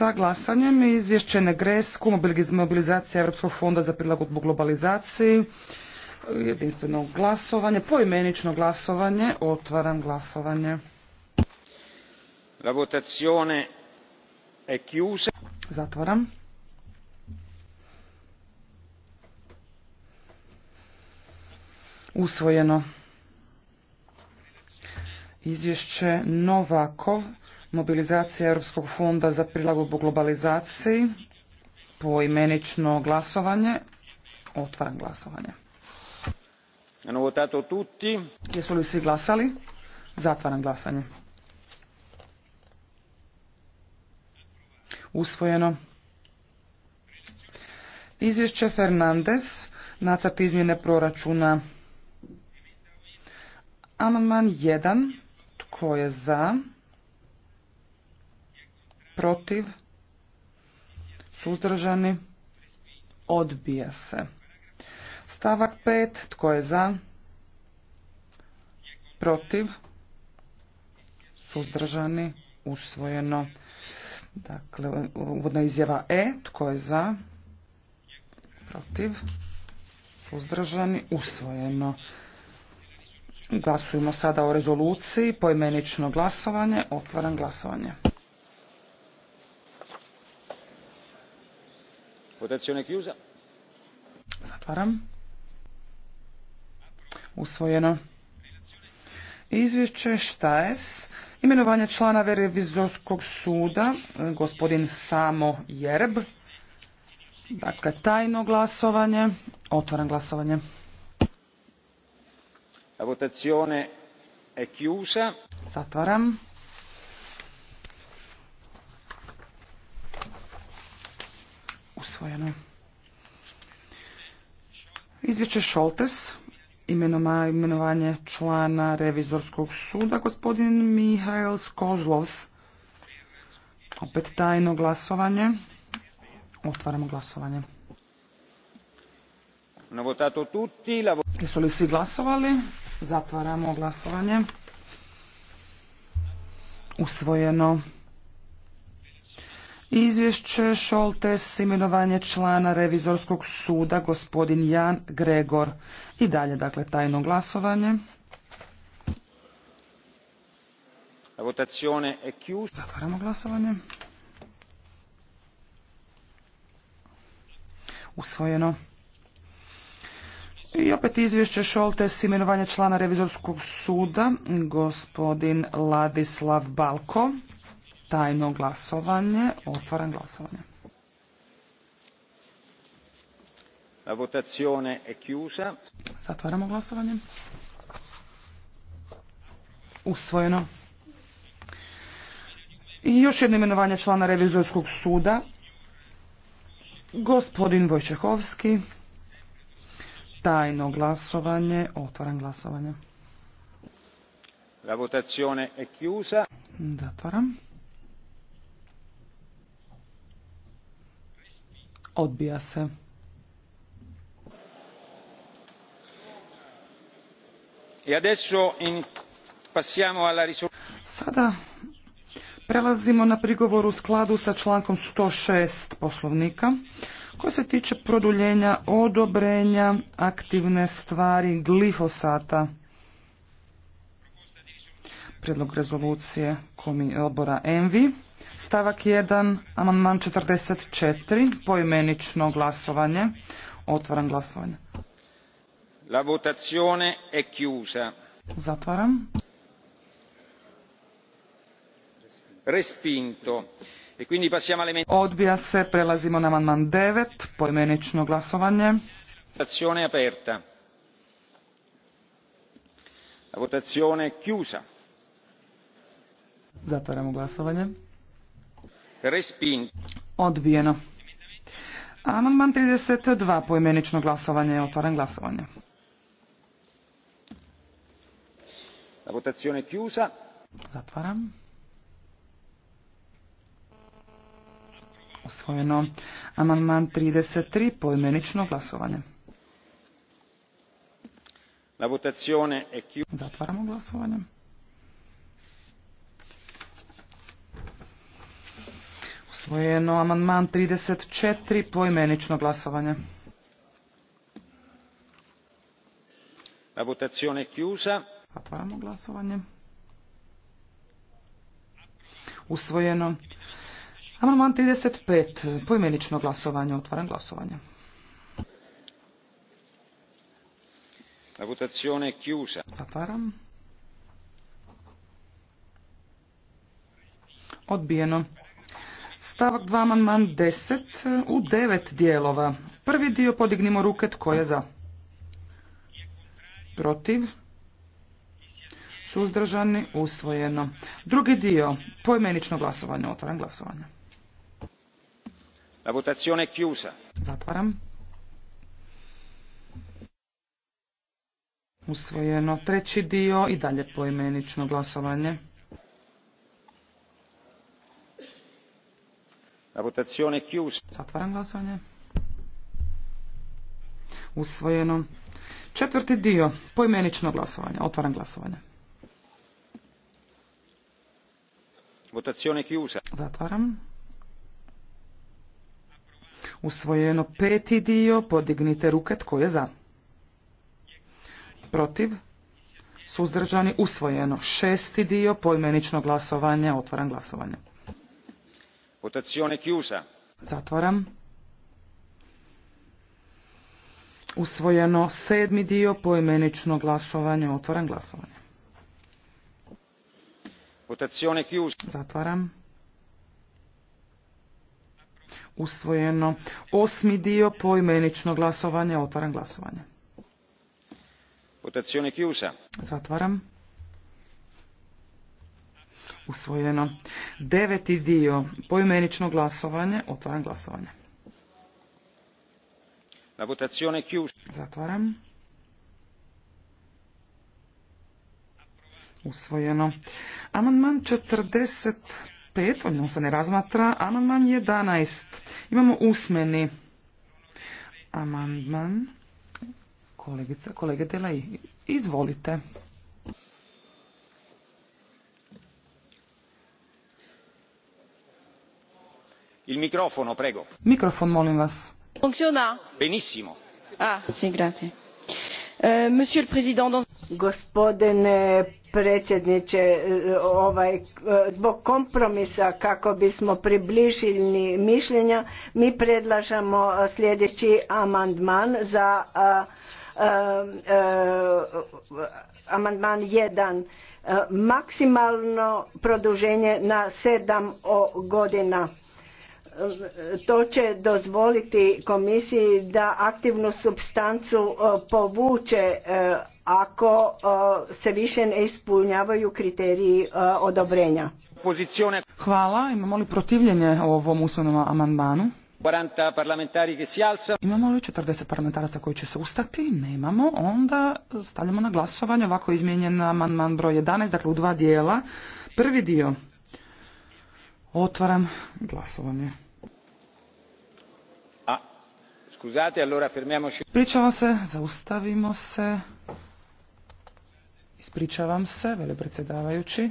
sa glasanjem i izvješće Negresku, mobilizacija Europskog fonda za prilagodbu globalizaciji, jedinstveno glasovanje, poimenično glasovanje, otvaram glasovanje. votazione Zatvaram. Usvojeno. Izvješće Novakov mobilizacija Europskog fonda za prilagodbu globalizaciji, poimenično glasovanje, otvaram glasovanje. tutti. Jesu li svi glasali? Zatvaram glasanje. Usvojeno. Izvješće Fernandez, nacrt izmjene proračuna. Amandman 1. Tko je za? protiv, suzdržani, odbija se. Stavak 5. Tko je za? Protiv? Suzdržani? Usvojeno. Dakle, uvodna izjava E. Tko je za? Protiv? Suzdržani? Usvojeno. Glasujemo sada o rezoluciji. Poimenično glasovanje. Otvaram glasovanje. votazione chiusa zatvaram usvojeno izvješće imenovanje člana revizorskog suda e, gospodin Samo Jerb. dakle tajno glasovanje otvaram glasovanje votazione zatvaram usvojeno. Izvješće Šoltes, imenovanje člana revizorskog suda, gospodin Mihajl Skozlovs. Opet tajno glasovanje. Otvaramo glasovanje. Jesu li svi glasovali? Zatvaramo glasovanje. Usvojeno. Izvješće Šoltes, imenovanje člana revizorskog suda, gospodin Jan Gregor. I dalje, dakle, tajno glasovanje. Zatvaramo glasovanje. Usvojeno. I opet izvješće Šoltes, imenovanje člana revizorskog suda, gospodin Ladislav Balko tajno glasovanje. Otvaram glasovanje. La Zatvaramo glasovanje. Usvojeno. I još jedno imenovanje člana revizorskog suda. Gospodin Vojčehovski. Tajno glasovanje. Otvaram glasovanje. La votazione Zatvaram. Odbija se. E Sada prelazimo na prigovor u skladu sa člankom 106 poslovnika koji se tiče produljenja odobrenja aktivne stvari glifosata prijedlog rezolucije odbora ENVI. Stavak 1, amandman 44, poimenično glasovanje. Otvaram glasovanje. La votazione è chiusa. Zatvaram. Respinto. E quindi passiamo alle... Odbija se, prelazimo na amandman 9, poimenično glasovanje. Votazione aperta. La votazione è chiusa Zatvaramo glasovanje. Odbijeno. Amandman 32. Poimenično glasovanje. Otvaram glasovanje. La votazione chiusa. Zatvaram. Osvojeno. Amandman 33. Poimenično glasovanje. La votazione è Zatvaramo glasovanje. Usvojeno amandman 34 poimenično glasovanje. La votazione chiusa. Otvaramo glasovanje. Usvojeno. Amandman 35 poimenično glasovanje. Otvaram glasovanje. La votazione chiusa. Zatvaram. Odbijeno stavak 2 amandman 10 u devet dijelova. Prvi dio podignimo ruke tko je za. Protiv. Suzdržani. Usvojeno. Drugi dio poimenično glasovanje. Otvaram glasovanje. La votazione chiusa. Zatvaram. Usvojeno. Treći dio i dalje poimenično glasovanje. Zatvaram glasovanje. Usvojeno. Četvrti dio, poimenično glasovanje. Otvaram glasovanje. Votazione chiusa. Zatvaram. Usvojeno peti dio, podignite ruke, tko je za? Protiv? Suzdržani, usvojeno. Šesti dio, poimenično glasovanje, otvaram glasovanje. Votazione chiusa. Zatvaram. Usvojeno sedmi dio poimenično glasovanje. Otvaram glasovanje. Votazione chiusa. Zatvaram. Usvojeno osmi dio poimenično glasovanje. Otvaram glasovanje. Votazione chiusa. Zatvaram usvojeno. Deveti dio, poimenično glasovanje, otvaram glasovanje. La votazione Zatvaram. Usvojeno. Amandman 45, pet njom se ne razmatra. Amandman 11. Imamo usmeni. Amandman kolegica, kolege izvolite. Il microfono, prego. Mikrofon, molim vas. Funkciona? Benissimo. Ah, sì, grazie. Eh, monsieur le Président, Gospodine predsjedniče, eh, ovaj, eh, zbog kompromisa kako bismo približili mišljenja, mi predlažemo sljedeći amandman za amandman 1 maksimalno produženje na 7 godina to će dozvoliti komisiji da aktivnu substancu e, povuče e, ako e, se više ne ispunjavaju kriteriji odobrenja. Hvala. Imamo li protivljenje ovom usmenom amandmanu? Imamo li 40 parlamentaraca koji će se ustati? Nemamo. Onda stavljamo na glasovanje ovako izmijenjen amandman broj 11, dakle u dva dijela. Prvi dio. Otvaram glasovanje. Scusate, Ispričavam se, zaustavimo se. Ispričavam se, veli predsjedavajući.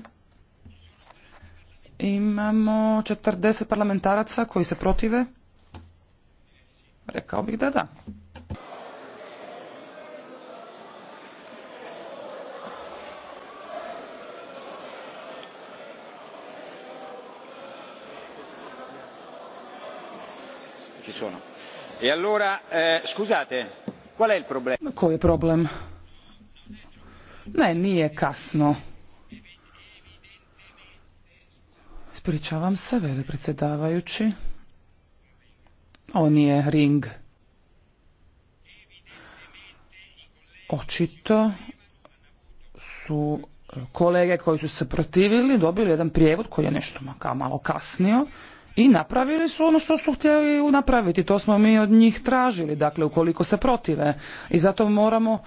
Imamo 40 parlamentaraca koji se protive. Rekao bih da da. E eh, koji je problem? Ne, nije kasno. Ispričavam se, veli predsjedavajući. On je ring. Očito su eh, kolege koji su se protivili dobili jedan prijevod koji je nešto malo kasnio i napravili su ono što su htjeli napraviti. To smo mi od njih tražili, dakle, ukoliko se protive. I zato moramo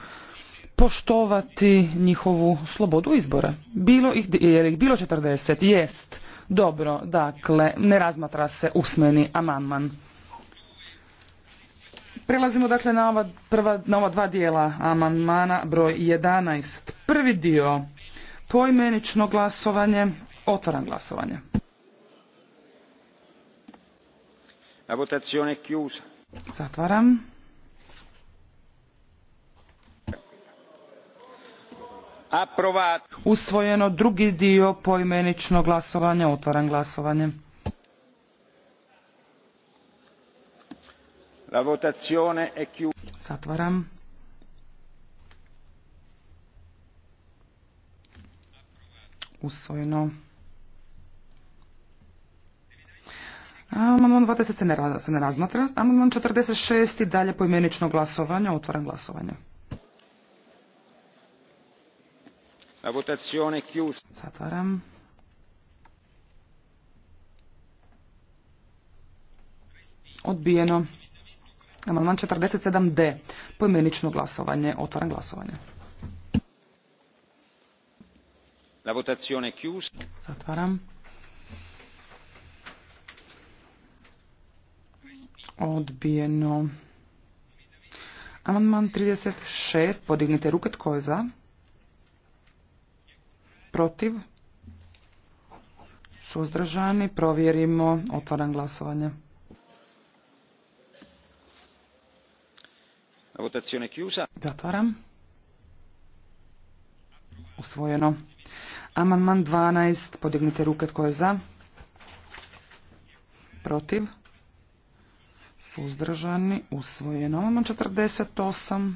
poštovati njihovu slobodu izbora. Bilo ih, jer ih bilo 40, jest. Dobro, dakle, ne razmatra se usmeni amandman. Prelazimo dakle na ova, prva, na ova dva dijela amandmana broj 11. Prvi dio poimenično glasovanje, otvaram glasovanje. La votazione è chiusa. Zatvaram. Approvato. Usvojeno drugi dio poimenično glasovanje. Otvaram glasovanje. La votazione è Zatvaram. Usvojeno. Amandman 20 se ne, se ne razmatra. Amandman 46 i dalje poimenično glasovanje. Otvaram glasovanje. La votazione chiusa. Zatvaram. Odbijeno. Amandman 47D. Poimenično glasovanje. Otvaram glasovanje. La votazione chiusa. Zatvaram. Odbijeno. Amandman 36. Podignite ruke. Tko je za? Protiv? Suzdržani? Provjerimo. Otvaram glasovanje. Zatvaram. Usvojeno. Amandman 12. Podignite ruke. Tko je za? Protiv? Suzdržani, usvojeno. Amandman 48.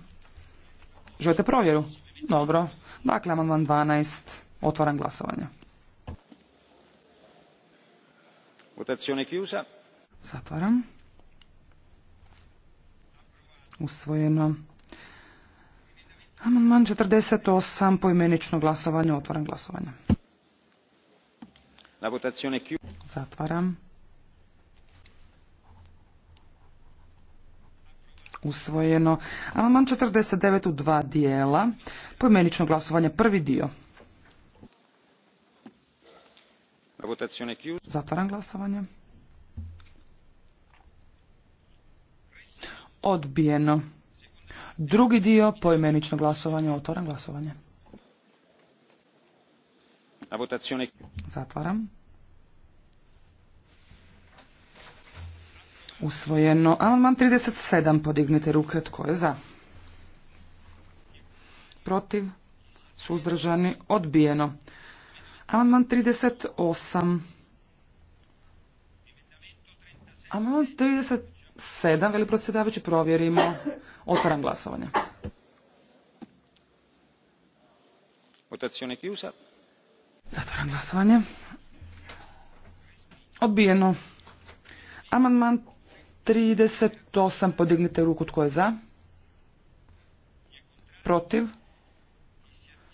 Želite provjeru? Dobro. Dakle, amandman 12. Otvaram glasovanje. Votazione chiusa. Zatvaram. Usvojeno. Amandman 48. Poimenično glasovanje. Otvaram glasovanje. La votazione Zatvaram. usvojeno. Amandman 49 u dva dijela. Pojmenično glasovanje prvi dio. Zatvaram glasovanje. Odbijeno. Drugi dio poimenično glasovanje. Otvaram glasovanje. Zatvaram. Usvojeno. Amandman 37. Podignite ruke. Tko je za? Protiv? Suzdržani? Odbijeno. Amandman 38. Amandman 37. Veli procedavajući provjerimo. Otvaram glasovanje. Votazione chiusa. Zatvaram glasovanje. Odbijeno. Amandman 38, podignite ruku tko je za. Protiv.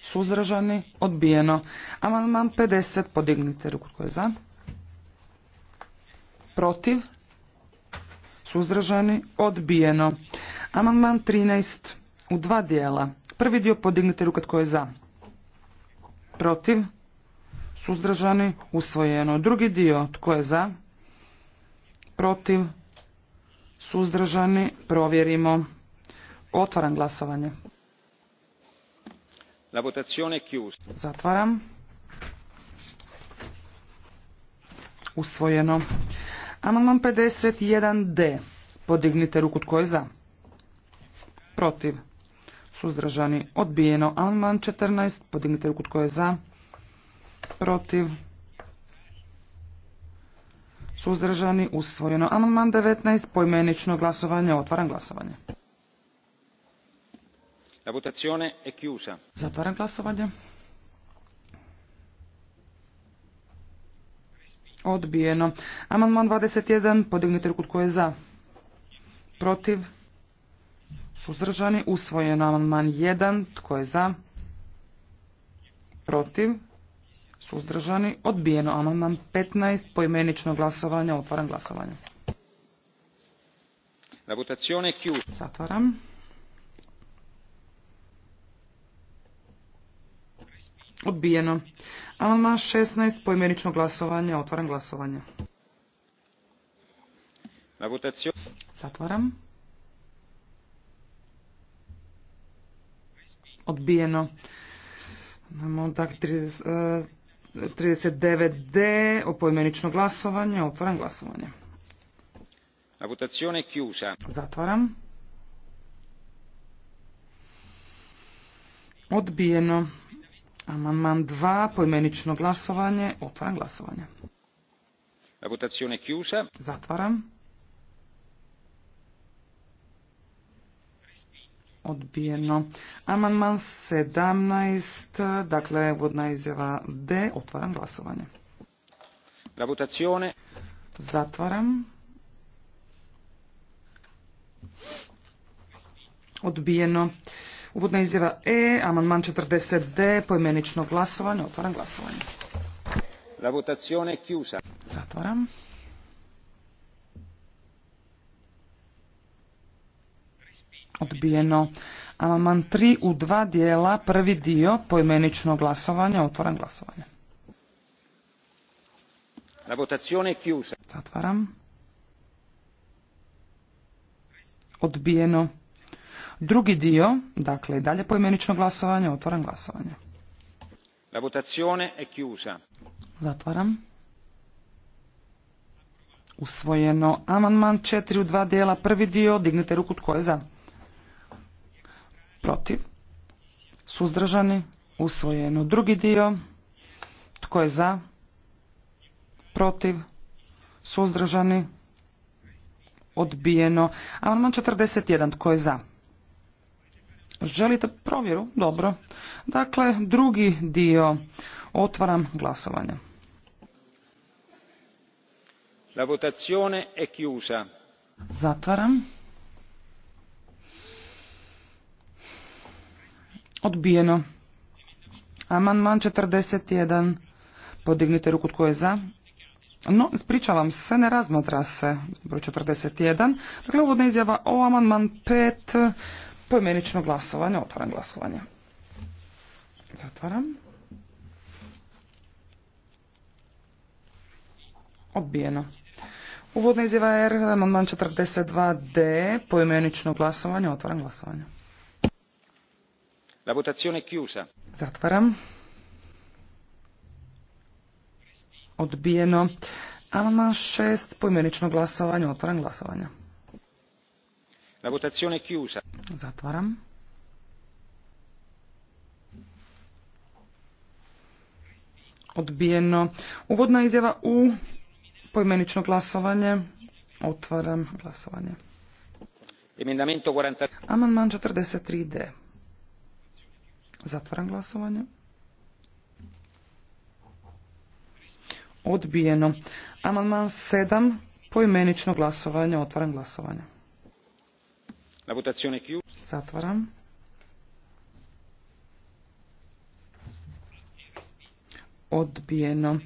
Suzdržani. Odbijeno. Amandman 50, podignite ruku tko je za. Protiv. Suzdržani. Odbijeno. Amandman 13 u dva dijela. Prvi dio podignite ruku tko je za. Protiv. Suzdržani. Usvojeno. Drugi dio tko je za. Protiv suzdržani, provjerimo. Otvaram glasovanje. La votazione Zatvaram. Usvojeno. Amandman 51D. Podignite ruku tko je za. Protiv. Suzdržani. Odbijeno. Amandman 14. Podignite ruku tko je za. Protiv suzdržani, usvojeno. Amandman 19, poimenično glasovanje, otvaram glasovanje. La votazione è chiusa. Zatvaram glasovanje. Odbijeno. Amandman 21, podignite ruku tko je za. Protiv. Suzdržani, usvojeno. Amandman 1, tko je za. Protiv. Suzdržani? Odbijeno. Amandman 15. pojmenično glasovanje. Otvaram glasovanje. La votazione è chiusa. Zatvaram. Odbijeno. Amandman 16. pojmenično glasovanje. Otvaram glasovanje. La votazione. Zatvaram. Odbijeno. Imamo tak 30, 39D, pojmenično glasovanje, otvaram glasovanje. La votazione chiusa. Zatvaram. Odbijeno. Amandman 2, poimenično glasovanje, otvaram glasovanje. La votazione chiusa. Zatvaram. odbijeno. Amandman 17, dakle uvodna izjava D, otvaram glasovanje. Zatvaram. Odbijeno. Uvodna izjava E, amandman 40D, pojmenično glasovanje, otvaram glasovanje. La votazione chiusa. Zatvaram. odbijeno. Amandman 3 u dva dijela, prvi dio poimenično glasovanje, otvoren glasovanje. La votazione chiusa. Zatvaram. Odbijeno. Drugi dio, dakle i dalje poimenično glasovanje, otvoren glasovanje. La è chiusa. Zatvaram. Usvojeno amandman 4 u dva dijela, prvi dio, dignite ruku tko je za protiv, suzdržani, usvojeno. Drugi dio, tko je za, protiv, suzdržani, odbijeno. Amandman 41, tko je za? Želite provjeru? Dobro. Dakle, drugi dio. Otvaram glasovanje. La votazione è chiusa. Zatvaram. Odbijeno. Amandman 41. Podignite ruku tko je za. No, ispričavam se, ne razmatra se broj 41. Dakle, uvodna izjava o amandman 5. Pojmenično glasovanje. Otvaram glasovanje. Zatvaram. Odbijeno. Uvodna izjava R, amandman 42D, Pojmenično glasovanje, otvaram glasovanje. La votazione è chiusa. Zatvaram. Odbijeno. Amandman 6, poimenično glasovanje, otvaram glasovanje. La votazione è chiusa. Zatvaram. Odbijeno. Uvodna izjava u poimenično glasovanje. Otvaram glasovanje. Amandman 43D. Zatvaram glasovanje. Odbijeno. Amandman 7. pojmenično glasovanje. Otvaram glasovanje. Zatvaram. Odbijeno.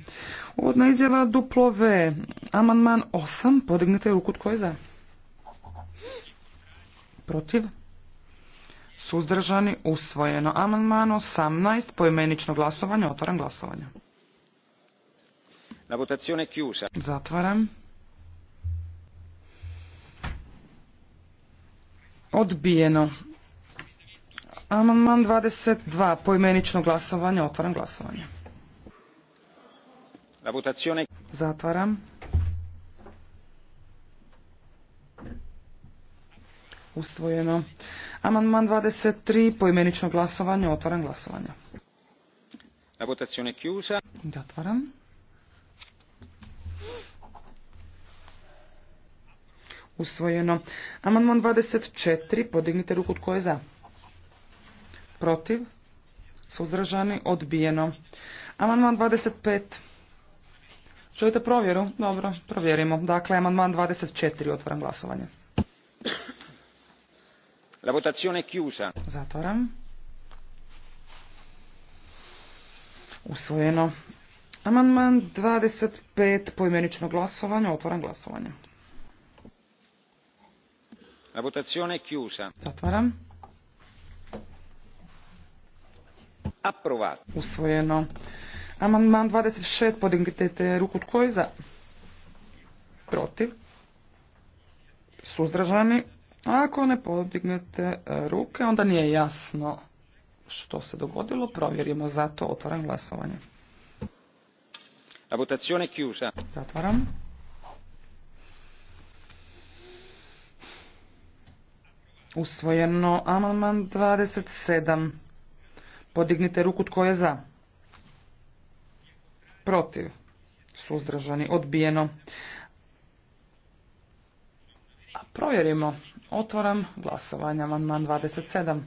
Uvodna izjava duplo V. Amandman 8. Podignite ruku tko je za. Protiv suzdržani, usvojeno. Amandman 18, poimenično glasovanje, otvaram glasovanje. La votazione chiusa. Zatvaram. Odbijeno. Amandman 22, poimenično glasovanje, otvaram glasovanje. La votazione... Zatvaram. Usvojeno. Amandman 23, poimenično glasovanje, otvaram glasovanje. La votazione chiusa. Zatvaram. Usvojeno. Amandman 24, podignite ruku tko je za. Protiv. Suzdržani, odbijeno. Amandman 25. Želite provjeru? Dobro, provjerimo. Dakle, amandman 24, otvaram glasovanje. La votazione è chiusa. Zatvaram. Usvojeno. Amandman 25 poimenično glasovanje, otvaram glasovanje. La votazione è chiusa. Zatvaram. Approvato. Usvojeno. Amandman 26 podignite ruku tko je za? Protiv. Suzdržani ako ne podignete e, ruke, onda nije jasno što se dogodilo. Provjerimo to. Otvaram glasovanje. La chiusa. Zatvaram. Usvojeno amandman 27. Podignite ruku tko je za. Protiv. Suzdržani. Odbijeno provjerimo. Otvoram glasovanje. Amandman 27.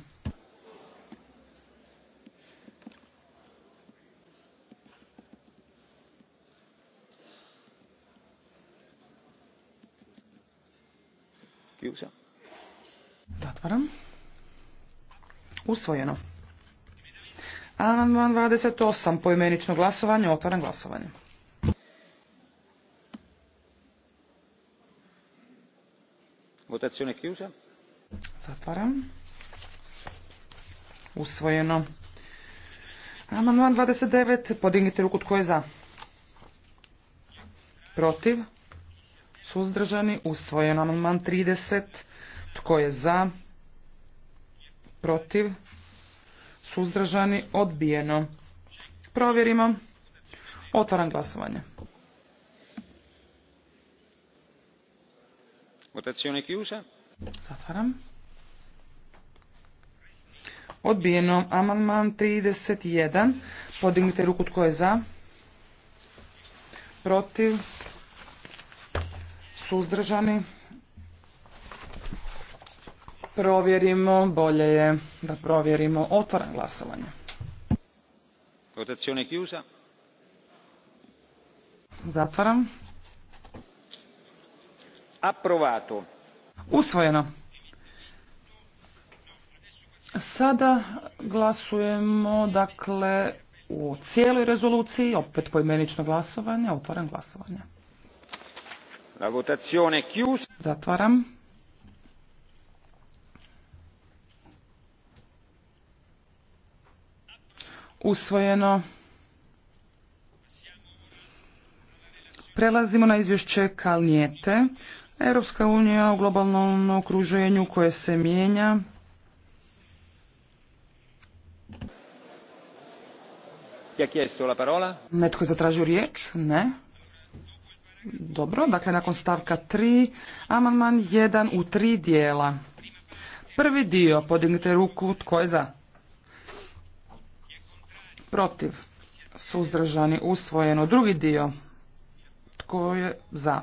Zatvaram. Usvojeno. Amandman 28. Poimenično glasovanje. Otvaram glasovanje. votazione chiusa zatvaram usvojeno amandman 29 podignite ruku tko je za protiv suzdržani usvojeno amandman 30 tko je za protiv suzdržani odbijeno provjerimo otvaram glasovanje Votazione chiusa. Zatvaram. Odbijeno. Amandman 31. Podignite ruku tko je za. Protiv. Suzdržani. Provjerimo. Bolje je da provjerimo. Otvaram glasovanje. Votazione chiusa. Zatvaram usvojeno sada glasujemo dakle u cijeloj rezoluciji opet poimenično glasovanje otvaram glasovanje votazione chiusa zatvaram usvojeno Prelazimo na izvješće Kalnijete. Europska unija u globalnom okruženju koje se mijenja. Netko je zatražio riječ? Ne. Dobro, dakle nakon stavka tri. amandman jedan u tri dijela. Prvi dio, podignite ruku, tko je za? Protiv, suzdržani, usvojeno. Drugi dio, tko je za?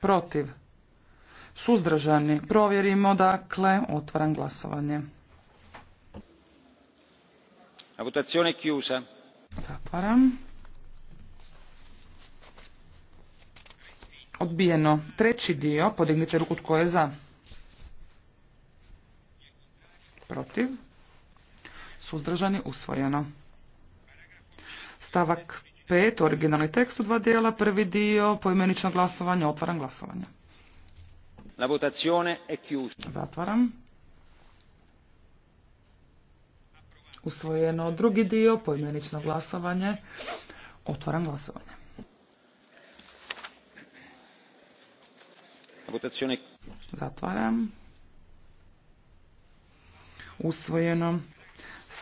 protiv, suzdržani. Provjerimo, dakle, otvaram glasovanje. La chiusa. Zatvaram. Odbijeno. Treći dio, podignite ruku tko je za. Protiv. Suzdržani usvojeno. Stavak 5, originalni tekst u dva dijela, prvi dio, poimenično glasovanje, otvaram glasovanje. La votazione è chiusa. Zatvaram. Usvojeno drugi dio, poimenično glasovanje, otvaram glasovanje. La Zatvaram. Usvojeno.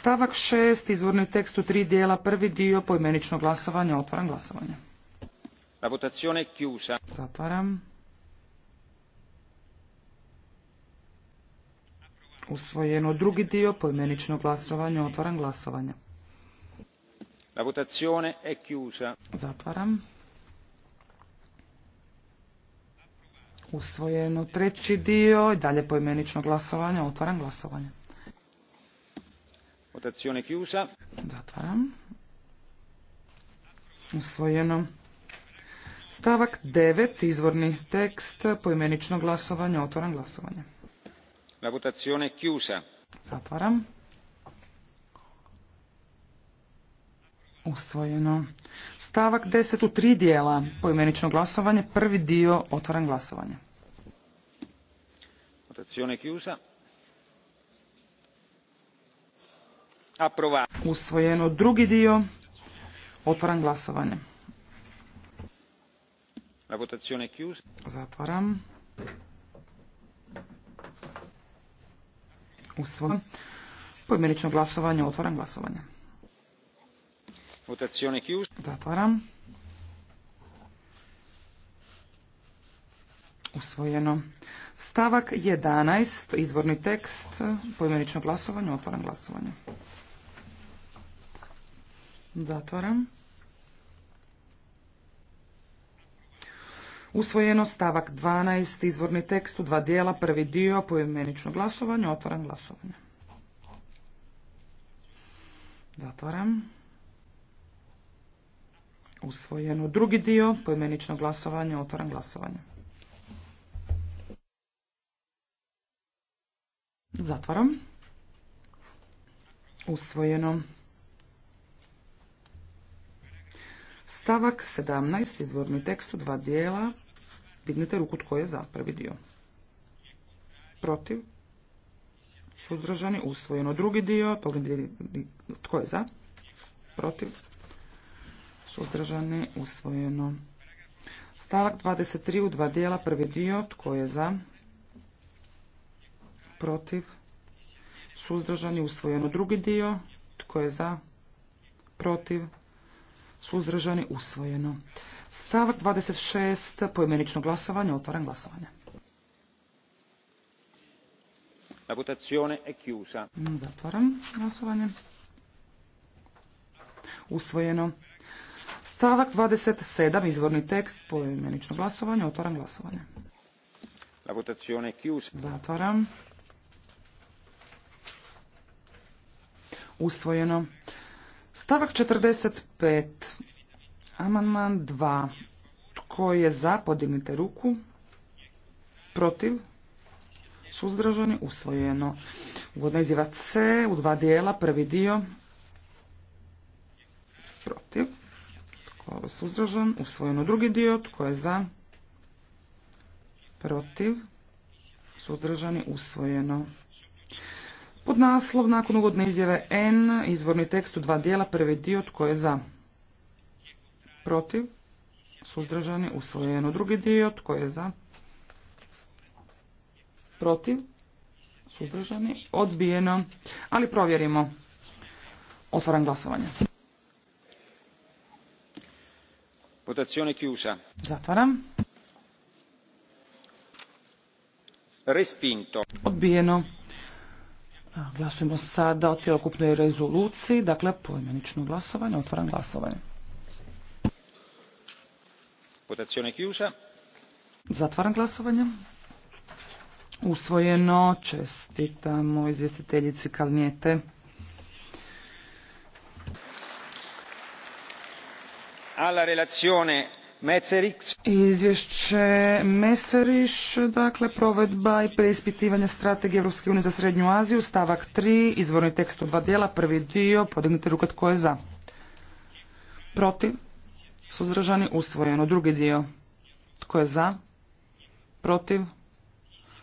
Stavak šest, izvorni tekst u tri dijela, prvi dio, pojmenično glasovanje, otvaram glasovanje. votazione Zatvaram. Usvojeno drugi dio, pojmenično glasovanje, otvaram glasovanje. La votazione è chiusa. Zatvaram. Usvojeno treći dio i dalje poimenično glasovanje, otvaram glasovanje. Zatvaram. Usvojeno. Stavak 9, izvorni tekst, poimenično glasovanje, otvaram glasovanje. La votazione chiusa. Zatvaram. Usvojeno. Stavak 10 u tri dijela, poimenično glasovanje, prvi dio, otvaram glasovanje. Votazione chiusa. Usvojeno drugi dio. Otvaram glasovanje. La Zatvaram. Usvojeno. Pojmenično glasovanje. Otvaram glasovanje. Votazione Zatvaram. Usvojeno. Stavak 11. Izvorni tekst. Pojmenično glasovanje. Otvaram glasovanje. Zatvaram. Usvojeno stavak 12, izvorni tekst u dva dijela, prvi dio, poimenično glasovanje, otvaram glasovanje. Zatvaram. Usvojeno drugi dio, poimenično glasovanje, otvaram glasovanje. Zatvaram. Usvojeno. Stavak 17, izvorni tekst u dva dijela. Dignite ruku tko je za prvi dio. Protiv. Suzdržani. Usvojeno drugi dio. Tko je za? Protiv. Suzdržani. Usvojeno. Stavak 23 u dva dijela. Prvi dio. Tko je za? Protiv. Suzdržani. Usvojeno drugi dio. Tko je za? Protiv suzdržani, usvojeno. Stavak 26, pojmenično mm, glasovanje, otvaram glasovanje. La votazione è chiusa. Zatvaram glasovanje. Usvojeno. Stavak 27, izvorni tekst, pojmenično glasovanje, otvaram glasovanje. votazione è chiusa. Zatvaram. Usvojeno. Stavak 45. Amandman 2. Tko je za, podignite ruku. Protiv. Suzdržani. Usvojeno. Uvodna izjava C. U dva dijela. Prvi dio. Protiv. Tko je suzdržan? Usvojeno. Drugi dio. Tko je za? Protiv. Suzdržani. Usvojeno. Pod naslov nakon uvodne izjave N, izvorni tekst u dva dijela, prvi dio tko je za, protiv, suzdržani, usvojeno. Drugi dio tko je za, protiv, suzdržani, odbijeno, ali provjerimo. Otvaram glasovanje. Votazione chiusa. Zatvaram. Respinto. Odbijeno. Glasujemo sada o cijelokupnoj rezoluciji, dakle poimenično glasovanje, otvaram glasovanje. Votazione chiusa. Zatvaram glasovanje. Usvojeno čestitamo izvjestiteljici Kalnijete. Alla relazione Izvješće Meseriš, dakle provedba i preispitivanje strategije Europske unije za Srednju Aziju, stavak 3, izvorni tekst u dva dijela, prvi dio, podignite rukat tko je za. Protiv, suzdržani, usvojeno. Drugi dio, tko je za, protiv,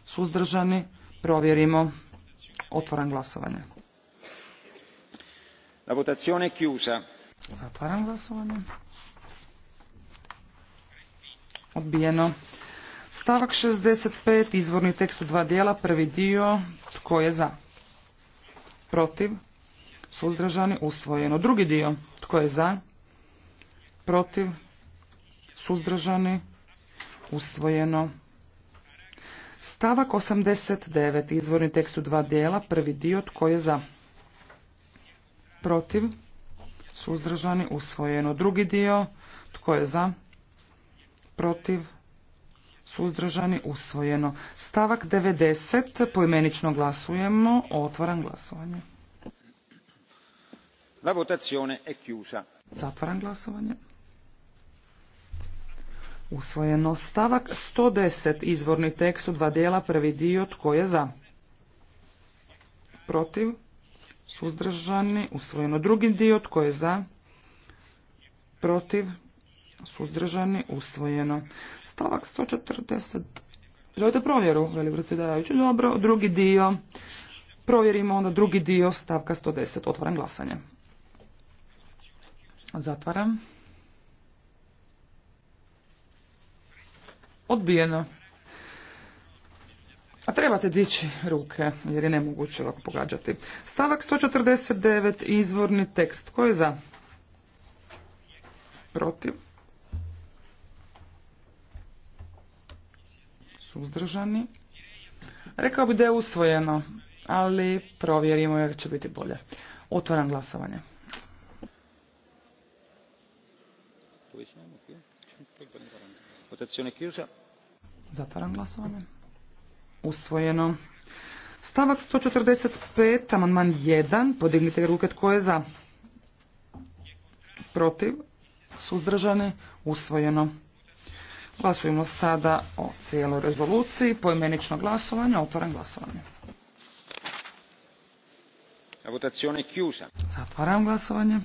suzdržani, provjerimo. Otvoran glasovanje. La votazione chiusa. Zatvaram glasovanje. Odbijeno. Stavak 65, izvorni tekst u dva dijela, prvi dio, tko je za? Protiv? Suzdržani? Usvojeno. Drugi dio, tko je za? Protiv? Suzdržani? Usvojeno. Stavak 89, izvorni tekst u dva dijela, prvi dio, tko je za? Protiv? Suzdržani? Usvojeno. Drugi dio, tko je za? protiv, suzdržani, usvojeno. Stavak 90, poimenično glasujemo, otvaram glasovanje. La votazione è chiusa. Zatvaram glasovanje. Usvojeno stavak 110, izvorni tekst u dva dijela, prvi dio, tko je za? Protiv, suzdržani, usvojeno drugi dio, tko je za? Protiv, suzdržani, usvojeno. Stavak 140. Želite provjeru, veli predsjedavajući? Dobro, drugi dio. Provjerimo onda drugi dio stavka 110. Otvaram glasanje. Zatvaram. Odbijeno. A trebate dići ruke, jer je nemoguće ovako pogađati. Stavak 149, izvorni tekst. Ko je za? Protiv? Suzdržani. Rekao bi da je usvojeno, ali provjerimo jer će biti bolje. Otvaram glasovanje. Zatvaram glasovanje. Usvojeno. Stavak 145, amandman 1. Podignite ruke tko je za. Protiv. Suzdržani. Usvojeno. Glasujemo sada o cijeloj rezoluciji. Poimenično glasovanje, otvoren glasovanje. Zatvaram glasovanje.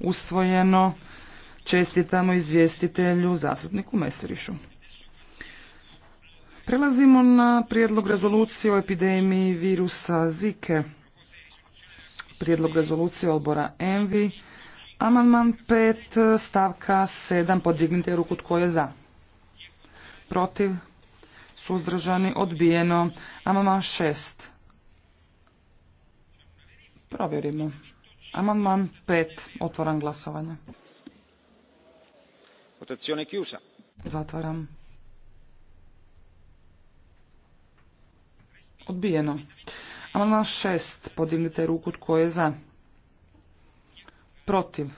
Usvojeno. Čestitamo izvjestitelju, zastupniku Meserišu. Prelazimo na prijedlog rezolucije o epidemiji virusa Zike. Prijedlog rezolucije odbora ENVI. Amandman 5 stavka 7 podignite ruku tko je za. Protiv. Suzdržani odbijeno. Amandman 6. Provjerimo. Amandman 5. otvoran glasovanje. Votazione chiusa. Zatvaram. Odbijeno. Amandman 6. Podignite ruku tko je za protiv,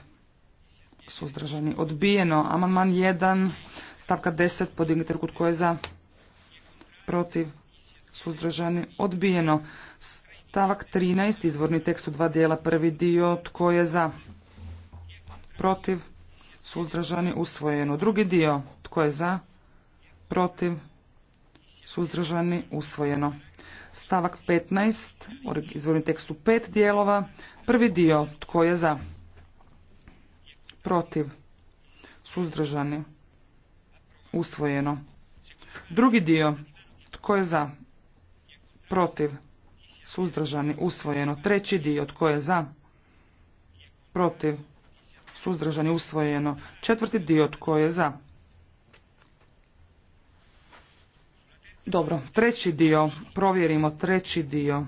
suzdržani, odbijeno. Amandman 1, stavka 10, podignite ruku tko je za, protiv, suzdržani, odbijeno. Stavak 13, izvorni tekst u dva dijela, prvi dio, tko je za, protiv, suzdržani, usvojeno. Drugi dio, tko je za, protiv, suzdržani, usvojeno. Stavak 15, izvorni tekst u pet dijelova, prvi dio, tko je za, protiv, suzdržani, usvojeno. Drugi dio, tko je za, protiv, suzdržani, usvojeno. Treći dio, tko je za, protiv, suzdržani, usvojeno. Četvrti dio, tko je za. Dobro, treći dio, provjerimo treći dio.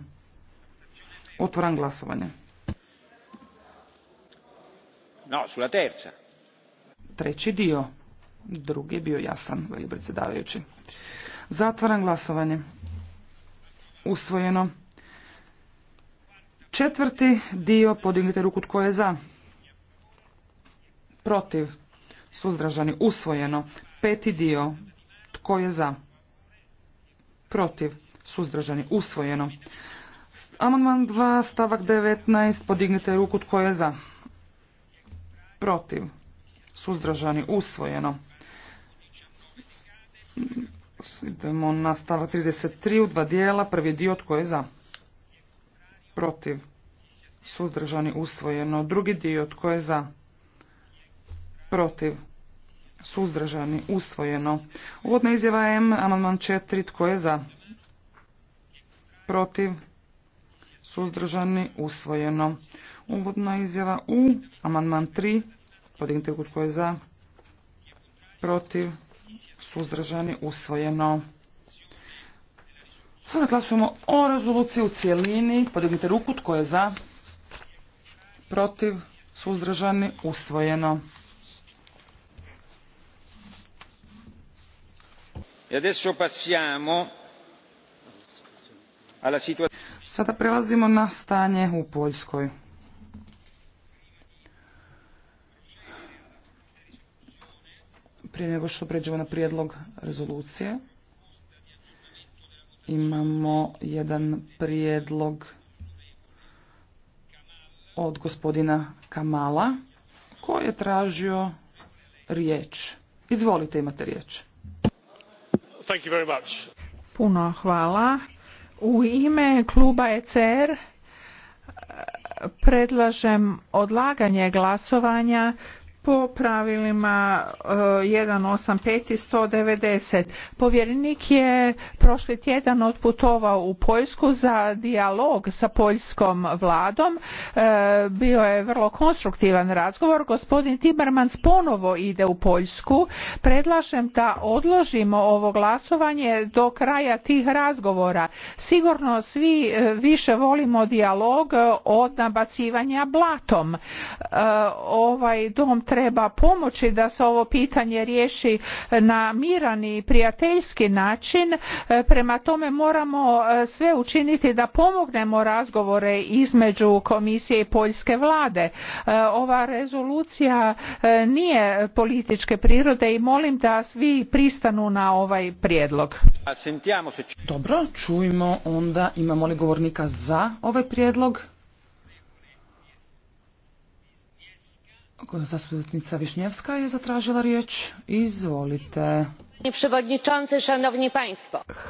Otvaram glasovanje. No, sulla terza. Treći dio. Drugi je bio jasan, veli predsjedavajući. Zatvaram glasovanje. Usvojeno. Četvrti dio, podignite ruku tko je za. Protiv. Suzdržani. Usvojeno. Peti dio. Tko je za? Protiv. Suzdržani. Usvojeno. Amandman 2, stavak 19. Podignite ruku tko je za protiv, suzdržani, usvojeno. Idemo na stava 33 u dva dijela, prvi dio tko je za, protiv, suzdržani, usvojeno, drugi dio tko je za, protiv, suzdržani, usvojeno. Uvodna izjava M, amandman 4, tko je za, protiv, suzdržani, usvojeno. Uvodna izjava U, amandman 3, podignite ruku tko je za, protiv, suzdržani, usvojeno. Sada glasujemo o rezoluciji u cijelini, podignite ruku tko je za, protiv, suzdržani, usvojeno. E adesso passiamo Sada prelazimo na stanje u Poljskoj. Prije nego što pređemo na prijedlog rezolucije, imamo jedan prijedlog od gospodina Kamala koji je tražio riječ. Izvolite, imate riječ. Puno hvala. U ime kluba ECR eh, predlažem odlaganje glasovanja po pravilima 185 eh, i 190. Povjerenik je prošli tjedan otputovao u Poljsku za dijalog sa poljskom vladom. Eh, bio je vrlo konstruktivan razgovor. Gospodin Timmermans ponovo ide u Poljsku. Predlažem da odložimo ovo glasovanje do kraja tih razgovora. Sigurno svi eh, više volimo dijalog od nabacivanja blatom. Ovaj dom treba pomoći da se ovo pitanje riješi e, na miran i prijateljski način e, prema tome moramo e, sve učiniti da pomognemo razgovore između komisije i poljske vlade ova rezolucija nije političke prirode i molim da svi pristanu na ovaj prijedlog dobro čujmo onda imamo li govornika za ovaj prijedlog Zastupnica Višnjevska je zatražila riječ. Izvolite.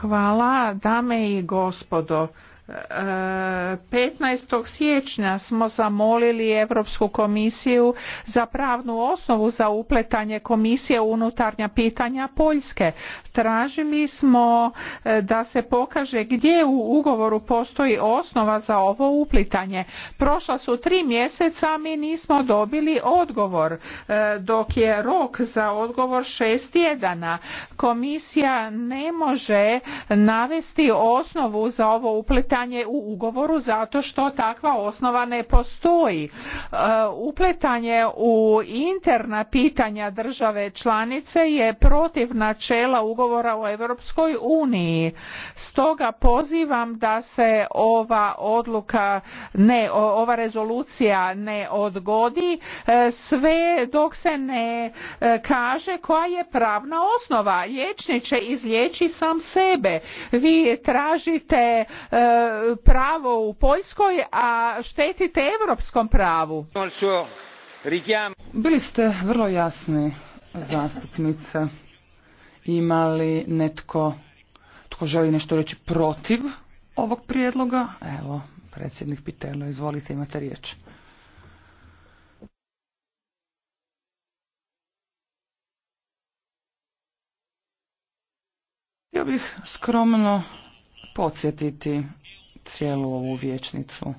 Hvala, dame i gospodo. 15. E, siječnja smo zamolili Europsku komisiju za pravnu osnovu za upletanje komisije unutarnja pitanja Poljske. Tražili smo e, da se pokaže gdje u ugovoru postoji osnova za ovo uplitanje. Prošla su tri mjeseca, mi nismo dobili odgovor, e, dok je rok za odgovor šest tjedana. Komisija ne može navesti osnovu za ovo upletanje upletanje u ugovoru zato što takva osnova ne postoji. E, upletanje u interna pitanja države članice je protiv načela ugovora o Europskoj uniji. Stoga pozivam da se ova odluka ne, ova rezolucija ne odgodi e, sve dok se ne e, kaže koja je pravna osnova. Liječnik će izliječi sam sebe. Vi tražite pravo u Poljskoj, a štetite europskom pravu. Bili ste vrlo jasni, zastupnice. Ima li netko tko želi nešto reći protiv ovog prijedloga? Evo, predsjednik Pitelo, izvolite, imate riječ. Ja bih skromno podsjetiti cijelu ovu vječnicu.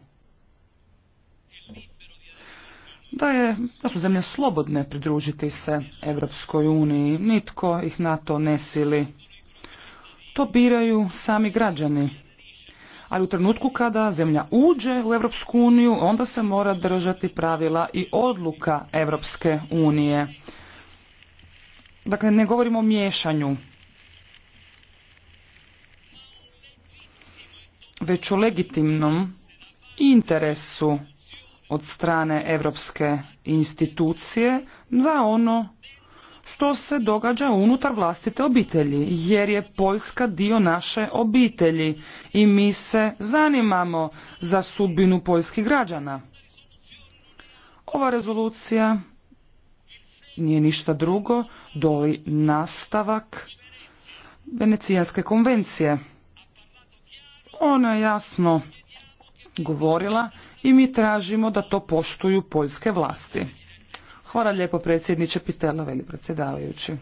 Da, je, da su zemlje slobodne pridružiti se Evropskoj uniji, nitko ih na to ne sili. To biraju sami građani. Ali u trenutku kada zemlja uđe u Evropsku uniju, onda se mora držati pravila i odluka Evropske unije. Dakle, ne govorimo o miješanju već o legitimnom interesu od strane europske institucije za ono što se događa unutar vlastite obitelji, jer je Poljska dio naše obitelji i mi se zanimamo za sudbinu poljskih građana. Ova rezolucija nije ništa drugo doli nastavak Venecijanske konvencije. Ona je jasno govorila i mi tražimo da to poštuju poljske vlasti. Hvala lijepo predsjedniče Pitela, veli predsjedavajući.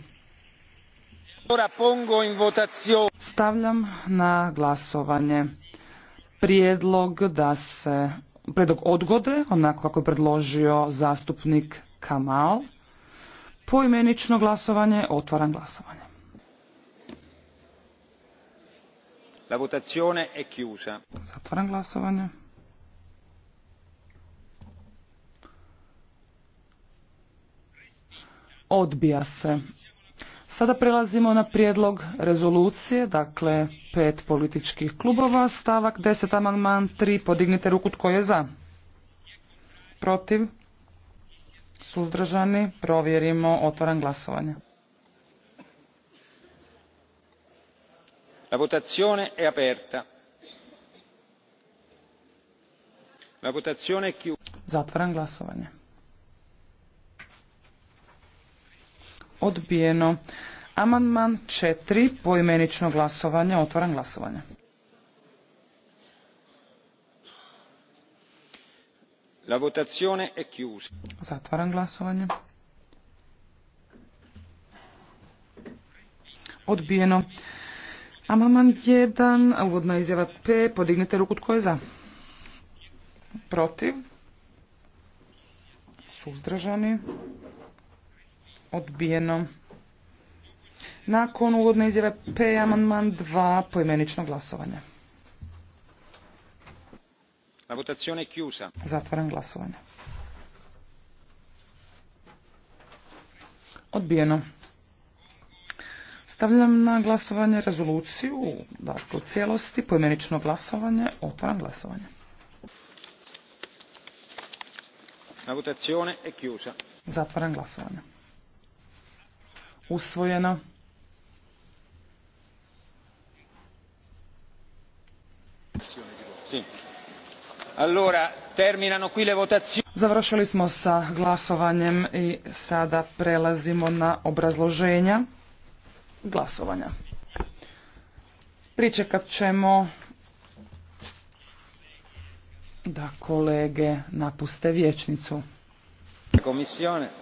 Stavljam na glasovanje prijedlog da se predlog odgode, onako kako je predložio zastupnik Kamal, poimenično glasovanje, otvaram glasovanje. La votazione glasovanje. Odbija se. Sada prelazimo na prijedlog rezolucije, dakle pet političkih klubova, stavak 10 amandman 3, podignite ruku tko je za. Protiv? Suzdržani? Provjerimo, otvaram glasovanje. la votazione è aperta. La votazione è Zatvaram glasovanje. Odbijeno. Amandman 4. Poimenično glasovanje. Otvaram glasovanje. La votazione è chiusa. Zatvaram glasovanje. Odbijeno je 1, uvodna izjava P, podignite ruku tko je za. Protiv. Suzdržani. Odbijeno. Nakon uvodne izjave P, amandman 2, poimenično glasovanje. La votazione chiusa. Zatvaram glasovanje. Odbijeno. Stavljam na glasovanje rezoluciju, dakle u cijelosti, poimenično glasovanje, otvaram glasovanje. Zatvaram glasovanje. Usvojeno. Allora, terminano qui le votazioni. Završili smo sa glasovanjem i sada prelazimo na obrazloženja glasovanja. Pričekat ćemo da kolege napuste vječnicu. Komisione.